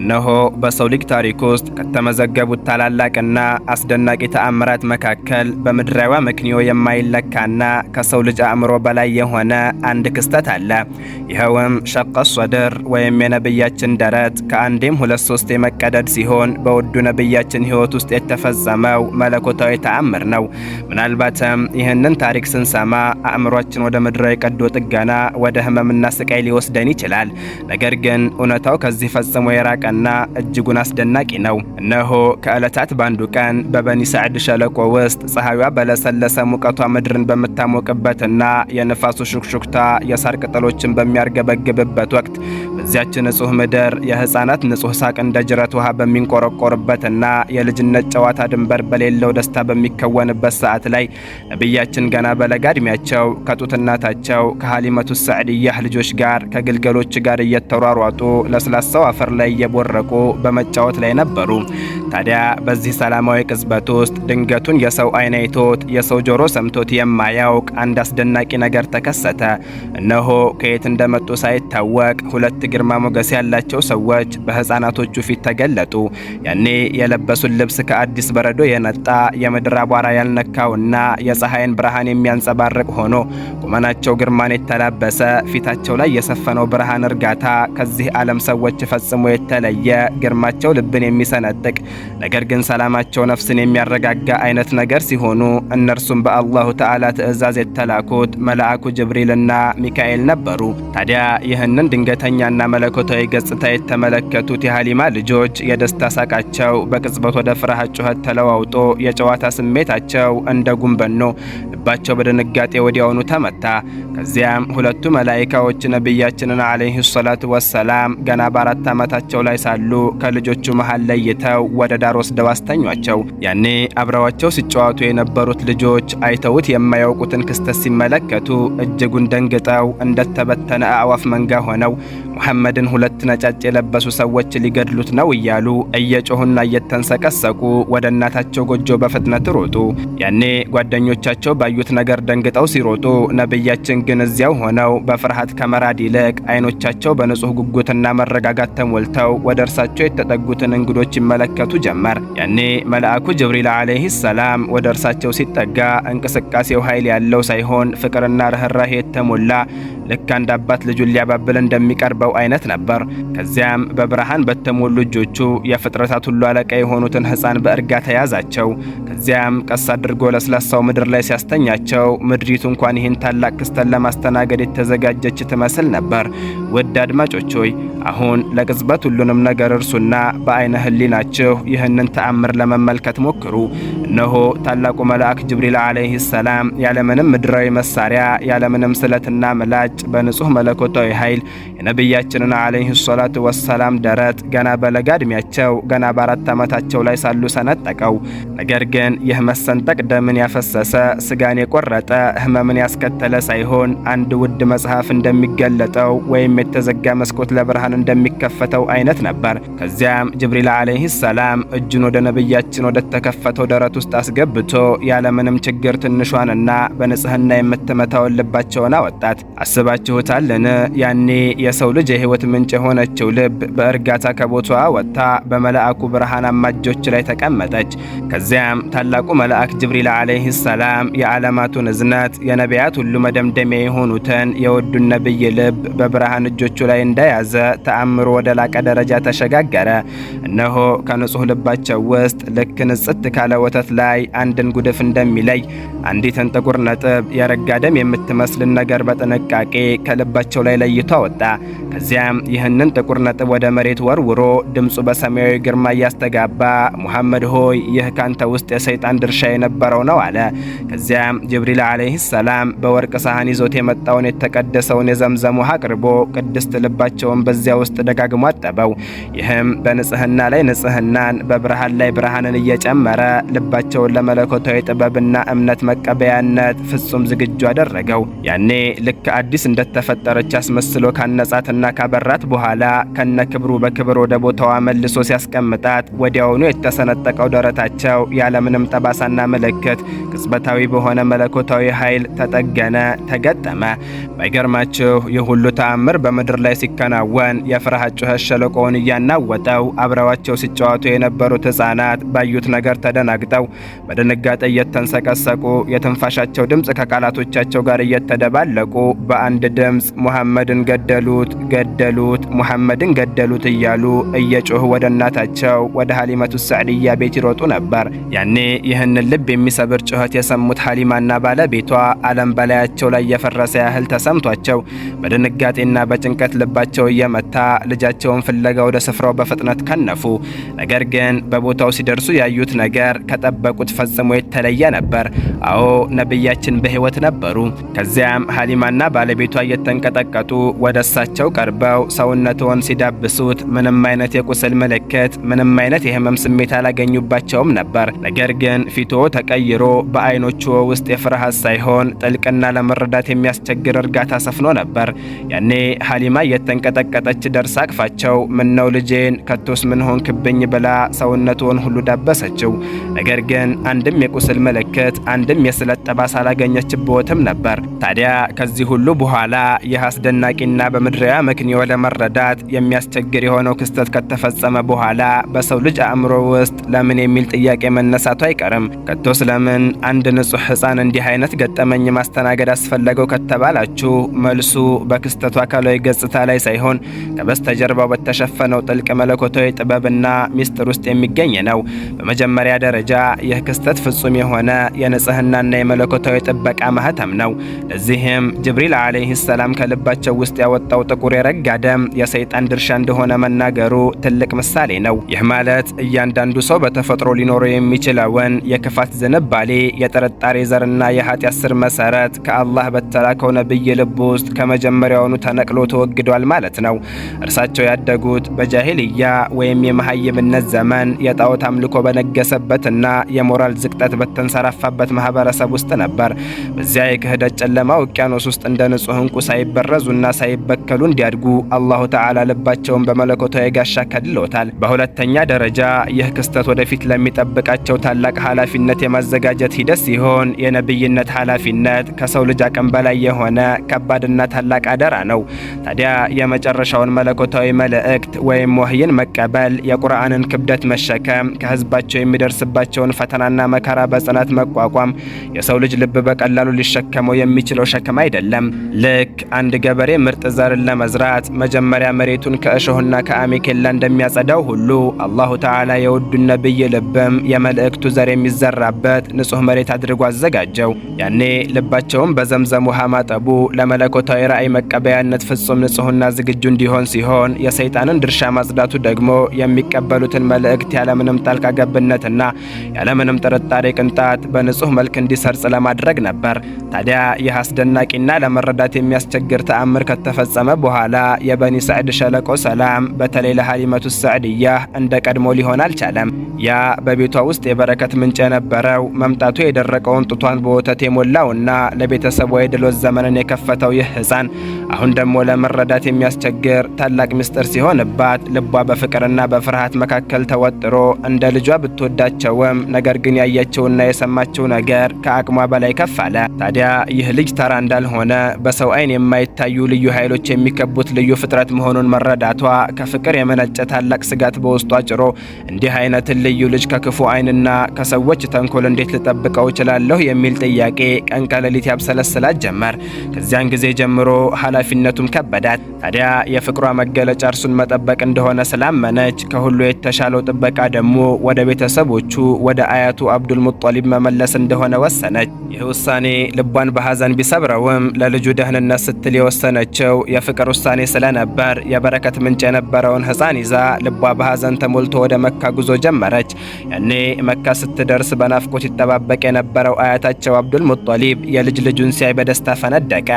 እነሆ በሰው ልጅ ታሪክ ውስጥ ከተመዘገቡት ታላላቅና አስደናቂ ተአምራት መካከል በምድራዊ ምክንዮ የማይለካና ከሰው ልጅ አእምሮ በላይ የሆነ አንድ ክስተት አለ። ይኸውም ሸቀ ሶድር ወይም የነብያችን ደረት ከአንዴም ሁለት ሶስት የመቀደድ ሲሆን በውዱ ነብያችን ሕይወት ውስጥ የተፈጸመው መለኮታዊ ተአምር ነው። ምናልባትም ይህንን ታሪክ ስንሰማ አእምሯችን ወደ ምድራዊ ቀዶ ጥገና፣ ወደ ህመምና ስቃይ ሊወስደን ይችላል። ነገር ግን እውነታው ከዚህ ፈጽሞ የራቀ የላቀና እጅጉን አስደናቂ ነው። እነሆ ከዕለታት በአንዱ ቀን በበኒ ሳዕድ ሸለቆ ውስጥ ፀሐዩ በለሰለሰ ሙቀቷ ምድርን በምታሞቅበትና የንፋሱ ሹክሹክታ የሳር ቅጠሎችን በሚያርገበግብበት ወቅት በዚያች ንጹህ ምድር የህፃናት ንጹህ ሳቅ እንደ ጅረት ውሃ በሚንቆረቆርበትና የልጅነት ጨዋታ ድንበር በሌለው ደስታ በሚከወንበት ሰዓት ላይ ነቢያችን ገና በለጋ ዕድሜያቸው ከጡት እናታቸው ከሀሊመቱ ሰዕድያህ ልጆች ጋር ከግልገሎች ጋር እየተሯሯጡ ለስላሳው አፈር ላይ እያቦረቁ በመጫወት ላይ ነበሩ። ታዲያ በዚህ ሰላማዊ ቅጽበት ውስጥ ድንገቱን የሰው አይን አይቶት የሰው ጆሮ ሰምቶት የማያውቅ አንድ አስደናቂ ነገር ተከሰተ። እነሆ ከየት እንደመጡ ሳይታወቅ ሁለት ግርማ ሞገስ ያላቸው ሰዎች በህፃናቶቹ ፊት ተገለጡ። ያኔ የለበሱት ልብስ ከአዲስ በረዶ የነጣ የምድር አቧራ ያልነካውና የፀሐይን ብርሃን የሚያንጸባርቅ ሆኖ ቁመናቸው ግርማን የተላበሰ ፊታቸው ላይ የሰፈነው ብርሃን እርጋታ ከዚህ ዓለም ሰዎች ፈጽሞ የተለ የተለየ ግርማቸው ልብን የሚሰነጥቅ ነገር ግን ሰላማቸው ነፍስን የሚያረጋጋ አይነት ነገር ሲሆኑ እነርሱም በአላሁ ተዓላ ትእዛዝ የተላኩት መልአኩ ጅብሪልና ሚካኤል ነበሩ። ታዲያ ይህንን ድንገተኛና መለኮታዊ ገጽታ የተመለከቱት የሀሊማ ልጆች የደስታ ሳቃቸው በቅጽበት ወደ ፍርሃት ጩኸት ተለዋውጦ የጨዋታ ስሜታቸው እንደ ጉንበኖ ልባቸው በድንጋጤ ወዲያውኑ ተመታ። ከዚያም ሁለቱ መላይካዎች ነቢያችንን አለይሂ ሰላቱ ወሰላም ገና በአራት ዓመታቸው ላይ ላይ ሳሉ ከልጆቹ መሃል ለይተው ወደ ዳር ወስደው አስተኟቸው። ያኔ አብረዋቸው ሲጫወቱ የነበሩት ልጆች አይተውት የማያውቁትን ክስተት ሲመለከቱ እጅጉን ደንግጠው እንደተበተነ አዕዋፍ መንጋ ሆነው ሙሐመድን ሁለት ነጫጭ የለበሱ ሰዎች ሊገድሉት ነው እያሉ እየጮሁና እየተንሰቀሰቁ ወደ እናታቸው ጎጆ በፍጥነት ሮጡ። ያኔ ጓደኞቻቸው ባዩት ነገር ደንግጠው ሲሮጡ፣ ነቢያችን ግን እዚያው ሆነው በፍርሃት ከመራድ ይልቅ አይኖቻቸው በንጹህ ጉጉትና መረጋጋት ተሞልተው ወደ እርሳቸው የተጠጉትን እንግዶች ይመለከቱ ጀመር። ያኔ መልአኩ ጅብሪል ዓለይህ ሰላም ወደ እርሳቸው ሲጠጋ እንቅስቃሴው ኃይል ያለው ሳይሆን ፍቅርና ርኅራሄ የተሞላ ልክ አንድ አባት ልጁን ሊያባብል እንደሚቀርበው አይነት ነበር። ከዚያም በብርሃን በተሞሉ እጆቹ የፍጥረታት ሁሉ አለቃ የሆኑትን ሕፃን በእርጋታ ያዛቸው። ከዚያም ቀስ አድርጎ ለስላሳው ምድር ላይ ሲያስተኛቸው ምድሪቱ እንኳን ይህን ታላቅ ክስተን ለማስተናገድ የተዘጋጀች ትመስል ነበር። ውድ አድማጮች ሆይ አሁን ለቅጽበት ሁሉንም ሁሉንም ነገር እርሱና በአይነ ህሊናችሁ ይህንን ተአምር ለመመልከት ሞክሩ። እነሆ ታላቁ መልአክ ጅብሪል ዓለይህ ሰላም ያለምንም ምድራዊ መሳሪያ ያለምንም ስለትና ምላጭ በንጹህ መለኮታዊ ኃይል የነቢያችንን ዓለይህ ሰላቱ ወሰላም ደረት ገና በለጋ እድሜያቸው ገና በአራት ዓመታቸው ላይ ሳሉ ሰነጠቀው። ነገር ግን ይህ መሰንጠቅ ደምን ያፈሰሰ ስጋን የቆረጠ ህመምን ያስከተለ ሳይሆን አንድ ውድ መጽሐፍ እንደሚገለጠው ወይም የተዘጋ መስኮት ለብርሃን እንደሚከፈተው አይነት ይለት ነበር። ከዚያም ጅብሪል ዓለይህ ሰላም እጁን ወደ ነቢያችን ወደ ተከፈተው ደረት ውስጥ አስገብቶ ያለምንም ችግር ትንሿንና በንጽህና የምትመታውን ልባቸውን አወጣት። አስባችሁታልን? ያኔ የሰው ልጅ የህይወት ምንጭ የሆነችው ልብ በእርጋታ ከቦቷ ወጥታ በመልአኩ ብርሃናማ እጆች ላይ ተቀመጠች። ከዚያም ታላቁ መልአክ ጅብሪል ዓለይህ ሰላም የዓለማቱን እዝነት የነቢያት ሁሉ መደምደሚያ የሆኑትን የወዱን ነብይ ልብ በብርሃን እጆቹ ላይ እንደያዘ ተአምሮ ወደ ላቀ ደረጃ ደረጃ ተሸጋገረ። እነሆ ከንጹህ ልባቸው ውስጥ ልክ ንጽት ካለ ወተት ላይ አንድን ጉድፍ እንደሚለይ አንዲትን ጥቁር ነጥብ የረጋ ደም የምትመስልን ነገር በጥንቃቄ ከልባቸው ላይ ለይቶ አወጣ። ከዚያም ይህንን ጥቁር ነጥብ ወደ መሬት ወርውሮ ድምፁ በሰማያዊ ግርማ እያስተጋባ ሙሐመድ ሆይ ይህ ካንተ ውስጥ የሰይጣን ድርሻ የነበረው ነው አለ። ከዚያም ጅብሪል ዓለይህ ሰላም በወርቅ ሳህን ይዞት የመጣውን የተቀደሰውን የዘምዘም ውሃ አቅርቦ ቅድስት ልባቸውን በዚያ ውስጥ ደጋግሞ አጠበው። ይህም በንጽህና ላይ ንጽህናን፣ በብርሃን ላይ ብርሃንን እየጨመረ ልባቸውን ለመለኮታዊ ጥበብና እምነት መቀበያነት ፍጹም ዝግጁ አደረገው። ያኔ ልክ አዲስ እንደተፈጠረች አስመስሎ ካነጻትና ካበራት በኋላ ከነ ክብሩ በክብር ወደ ቦታዋ መልሶ ሲያስቀምጣት ወዲያውኑ የተሰነጠቀው ደረታቸው ያለምንም ጠባሳና ምልክት ቅጽበታዊ በሆነ መለኮታዊ ኃይል ተጠገነ፣ ተገጠመ። ባይገርማችሁ ይህ ሁሉ ተአምር በምድር ላይ ሲከናወን የፍርሃት ጩኸት ሸለቆ እቃውን እያናወጠው አብረዋቸው ሲጫወቱ የነበሩት ህጻናት ባዩት ነገር ተደናግጠው በድንጋጤ እየተንሰቀሰቁ የትንፋሻቸው ድምፅ ከቃላቶቻቸው ጋር እየተደባለቁ በአንድ ድምፅ ሙሐመድን ገደሉት ገደሉት ሙሐመድን ገደሉት እያሉ እየጮህ ወደ እናታቸው ወደ ሀሊመቱ ሳዕድያ ቤት ይሮጡ ነበር። ያኔ ይህንን ልብ የሚሰብር ጩኸት የሰሙት ሀሊማና ባለቤቷ ዓለም በላያቸው ላይ የፈረሰ ያህል ተሰምቷቸው በድንጋጤና በጭንቀት ልባቸው እየመታ ልጃቸውን ፍለጋ ፍለጋ ወደ ስፍራው በፍጥነት ከነፉ። ነገር ግን በቦታው ሲደርሱ ያዩት ነገር ከጠበቁት ፈጽሞ የተለየ ነበር። አዎ ነቢያችን በህይወት ነበሩ። ከዚያም ሀሊማና ባለቤቷ እየተንቀጠቀጡ ወደ እሳቸው ቀርበው ሰውነትዎን ሲዳብሱት ምንም አይነት የቁስል ምልክት፣ ምንም አይነት የህመም ስሜት አላገኙባቸውም ነበር። ነገር ግን ፊቶ ተቀይሮ በአይኖቹ ውስጥ የፍርሃት ሳይሆን ጥልቅና ለመረዳት የሚያስቸግር እርጋታ ሰፍኖ ነበር። ያኔ ሀሊማ እየተንቀጠቀጠች ደርሳ አቅፋቸው ምነው ልጄን ከቶስ ምን ሆንክብኝ ብላ ሰውነቱን ሁሉ ዳበሰችው። ነገር ግን አንድም የቁስል ምልክት አንድም የስለት ጠባሳ አላገኘችበትም ነበር። ታዲያ ከዚህ ሁሉ በኋላ ይህ አስደናቂና በምድሪያ ምክንዮ ለመረዳት የሚያስቸግር የሆነው ክስተት ከተፈጸመ በኋላ በሰው ልጅ አእምሮ ውስጥ ለምን የሚል ጥያቄ መነሳቱ አይቀርም። ከቶስ ለምን አንድ ንጹሕ ሕፃን እንዲህ አይነት ገጠመኝ ማስተናገድ አስፈለገው ከተባላችሁ መልሱ በክስተቱ አካላዊ ገጽታ ላይ ሳይሆን ከበስተጀርባው በተሸፈ የተሸፈነው ጥልቅ መለኮታዊ ጥበብና ሚስጥር ውስጥ የሚገኝ ነው። በመጀመሪያ ደረጃ ይህ ክስተት ፍጹም የሆነ የንጽህናና የመለኮታዊ ጥበቃ ማህተም ነው። ለዚህም ጅብሪል ዓለይህ ሰላም ከልባቸው ውስጥ ያወጣው ጥቁር የረጋ ደም የሰይጣን ድርሻ እንደሆነ መናገሩ ትልቅ ምሳሌ ነው። ይህ ማለት እያንዳንዱ ሰው በተፈጥሮ ሊኖረው የሚችለውን የክፋት ዝንባሌ፣ የጥርጣሬ ዘርና የኃጢአት ስር መሰረት ከአላህ በተላከው ነብይ ልብ ውስጥ ከመጀመሪያውኑ ተነቅሎ ተወግዷል ማለት ነው። እርሳቸው ያደጉት የሚኖሩት በጃሄልያ ወይም የመሐይምነት ዘመን የጣዖት አምልኮ በነገሰበትና የሞራል ዝቅጠት በተንሰራፋበት ማህበረሰብ ውስጥ ነበር። በዚያ የክህደት ጨለማ ውቅያኖስ ውስጥ እንደ ንጹህ እንቁ ሳይበረዙና ሳይበከሉ እንዲያድጉ አላሁ ተዓላ ልባቸውን በመለኮታዊ ጋሻ ከድለውታል። በሁለተኛ ደረጃ ይህ ክስተት ወደፊት ለሚጠብቃቸው ታላቅ ኃላፊነት የማዘጋጀት ሂደት ሲሆን የነብይነት ኃላፊነት ከሰው ልጅ አቅም በላይ የሆነ ከባድና ታላቅ አደራ ነው። ታዲያ የመጨረሻውን መለኮታዊ መልእክት መልእክት ወይም ወህይን መቀበል፣ የቁርአንን ክብደት መሸከም፣ ከህዝባቸው የሚደርስባቸውን ፈተናና መከራ በጽናት መቋቋም የሰው ልጅ ልብ በቀላሉ ሊሸከመው የሚችለው ሸክም አይደለም። ልክ አንድ ገበሬ ምርጥ ዘርን ለመዝራት መጀመሪያ መሬቱን ከእሾህና ከአሜኬላ እንደሚያጸዳው ሁሉ አላሁ ተዓላ የውዱን ነብይ ልብም የመልእክቱ ዘር የሚዘራበት ንጹህ መሬት አድርጎ አዘጋጀው። ያኔ ልባቸውም በዘምዘም ውሃ ማጠቡ ለመለኮታዊ ራእይ መቀበያነት ፍጹም ንጹህና ዝግጁ እንዲሆን ሲሆን የሰይጣንን ይህንን ድርሻ ማጽዳቱ ደግሞ የሚቀበሉትን መልእክት ያለምንም ጣልቃ ገብነትና ያለምንም ጥርጣሬ ቅንጣት በንጹህ መልክ እንዲሰርጽ ለማድረግ ነበር። ታዲያ ይህ አስደናቂና ለመረዳት የሚያስቸግር ተአምር ከተፈጸመ በኋላ የበኒ ሰዕድ ሸለቆ ሰላም በተለይ ለሀሊመቱ ሰዕድያ እንደ ቀድሞ ሊሆን አልቻለም። ያ በቤቷ ውስጥ የበረከት ምንጭ የነበረው መምጣቱ የደረቀውን ጡቷን በወተት የሞላውና ለቤተሰቧ የድሎት ዘመንን የከፈተው ይህ ሕፃን አሁን ደግሞ ለመረዳት የሚያስቸግር ታላቅ ምስጢር ሲሆን ያለባት ልቧ በፍቅርና በፍርሃት መካከል ተወጥሮ እንደ ልጇ ብትወዳቸውም ነገር ግን ያየችውና የሰማችው ነገር ከአቅሟ በላይ ከፍ አለ። ታዲያ ይህ ልጅ ተራ እንዳልሆነ በሰው ዓይን የማይታዩ ልዩ ኃይሎች የሚከቡት ልዩ ፍጥረት መሆኑን መረዳቷ ከፍቅር የመነጨ ታላቅ ስጋት በውስጧ ጭሮ እንዲህ አይነትን ልዩ ልጅ ከክፉ ዓይንና ከሰዎች ተንኮል እንዴት ልጠብቀው እችላለሁ የሚል ጥያቄ ቀን ከሌሊት ያብሰለስላት ጀመር። ከዚያን ጊዜ ጀምሮ ኃላፊነቱም ከበዳት። ታዲያ የፍቅሯ መገለጫ እርሱን መጠ መጠበቅ እንደሆነ ስላመነች ከሁሉ የተሻለው ጥበቃ ደግሞ ወደ ቤተሰቦቹ ወደ አያቱ አብዱል ሙጠሊብ መመለስ እንደሆነ ወሰነች። ይህ ውሳኔ ልቧን በሐዘን ቢሰብረውም ለልጁ ደህንነት ስትል የወሰነችው የፍቅር ውሳኔ ስለነበር የበረከት ምንጭ የነበረውን ሕፃን ይዛ ልቧ በሐዘን ተሞልቶ ወደ መካ ጉዞ ጀመረች። ያኔ መካ ስትደርስ በናፍቆት ይጠባበቅ የነበረው አያታቸው አብዱል ሙጠሊብ የልጅ ልጁን ሲያይ በደስታ ፈነደቀ።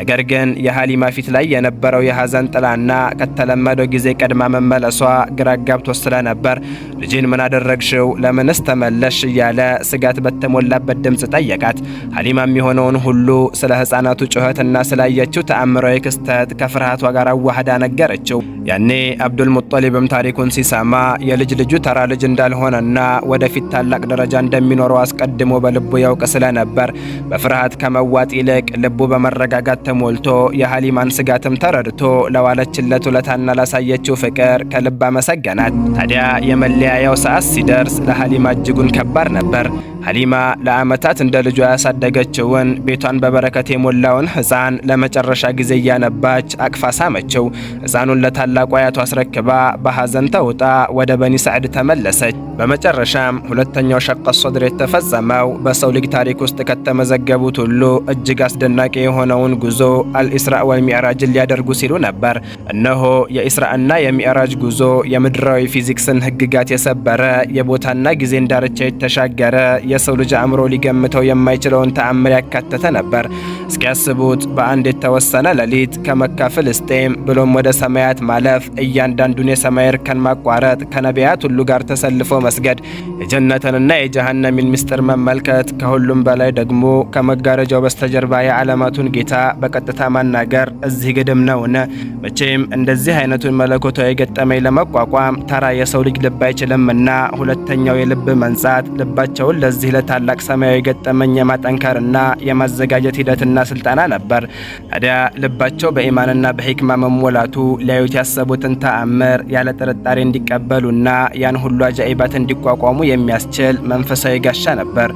ነገር ግን የሀሊማ ፊት ላይ የነበረው የሐዘን ጥላና ከተለመደው ጊዜ ቀድማ መመለሷ ግራ ጋብቶ ስለነበር ልጅን ምን አደረግሽው? ለምንስ ተመለሽ? እያለ ስጋት በተሞላበት ድምፅ ጠየቃት። አለበት። ሀሊማም የሆነውን ሁሉ ስለ ሕፃናቱ ጩኸትና ስላየችው ተአምራዊ ክስተት ከፍርሃቷ ጋር አዋህዳ ነገረችው። ያኔ አብዱል ታሪኩን ሲሰማ የልጅ ልጁ ተራ ልጅ እንዳልሆነና ወደፊት ታላቅ ደረጃ እንደሚኖረው አስቀድሞ በልቡ ያውቅ ስለነበር በፍርሃት ከመዋጥ ይልቅ ልቡ በመረጋጋት ተሞልቶ የሀሊማን ስጋትም ተረድቶ ለዋለችለት ውለታና ላሳየችው ፍቅር ከልብ አመሰገናት። ታዲያ የመለያያው ሰዓት ሲደርስ ለሀሊማ እጅጉን ከባድ ነበር። ሀሊማ ለዓመታት እንደ ልጇ ያሳደገችውን ቤቷን በበረከት የሞላውን ሕፃን ለመጨረሻ ጊዜ እያነባች አቅፋ ሳመችው። ሕፃኑን ለታላቁ አያቷ አስረክባ በሐዘን ተውጣ ወደ በኒ ሳዕድ ተመለሰች። በመጨረሻም ሁለተኛው ሸቀ ሶድር የተፈጸመው በሰው ልጅ ታሪክ ውስጥ ከተመዘገቡት ሁሉ እጅግ አስደናቂ የሆነውን ጉዞ አልኢስራእ ወልሚዕራጅን ሊያደርጉ ሲሉ ነበር። እነሆ የኢስራእና የሚዕራጅ ጉዞ የምድራዊ ፊዚክስን ሕግጋት የሰበረ የቦታና ጊዜን ዳርቻ የተሻገረ የሰው ልጅ አእምሮ ሊገምተው የማይችለውን ተአምር ያካተተ ነበር። እስኪያስቡት በአንድ የተወሰነ ሌሊት ከመካ ፍልስጤም ብሎም ወደ ሰማያት ማለፍ፣ እያንዳንዱን የሰማይ እርከን ማቋረጥ፣ ከነቢያት ሁሉ ጋር ተሰልፎ መስገድ፣ የጀነትንና የጀሃነሚን ምስጢር መመልከት፣ ከሁሉም በላይ ደግሞ ከመጋረጃው በስተጀርባ የዓለማቱን ጌታ በቀጥታ ማናገር እዚህ ግድም ነውን? መቼም እንደዚህ አይነቱን መለኮታዊ ገጠመኝ ለመቋቋም ተራ የሰው ልጅ ልብ አይችልምና ሁለተኛው የልብ መንጻት ልባቸውን ለዚህ ለዚህ ለታላቅ ሰማያዊ ገጠመኝ የማጠንከርና የማዘጋጀት ሂደትና ስልጠና ነበር። ታዲያ ልባቸው በኢማንና በሂክማ መሞላቱ ሊያዩት ያሰቡትን ተአምር ያለ ጥርጣሬ እንዲቀበሉና ያን ሁሉ አጃኢባት እንዲቋቋሙ የሚያስችል መንፈሳዊ ጋሻ ነበር።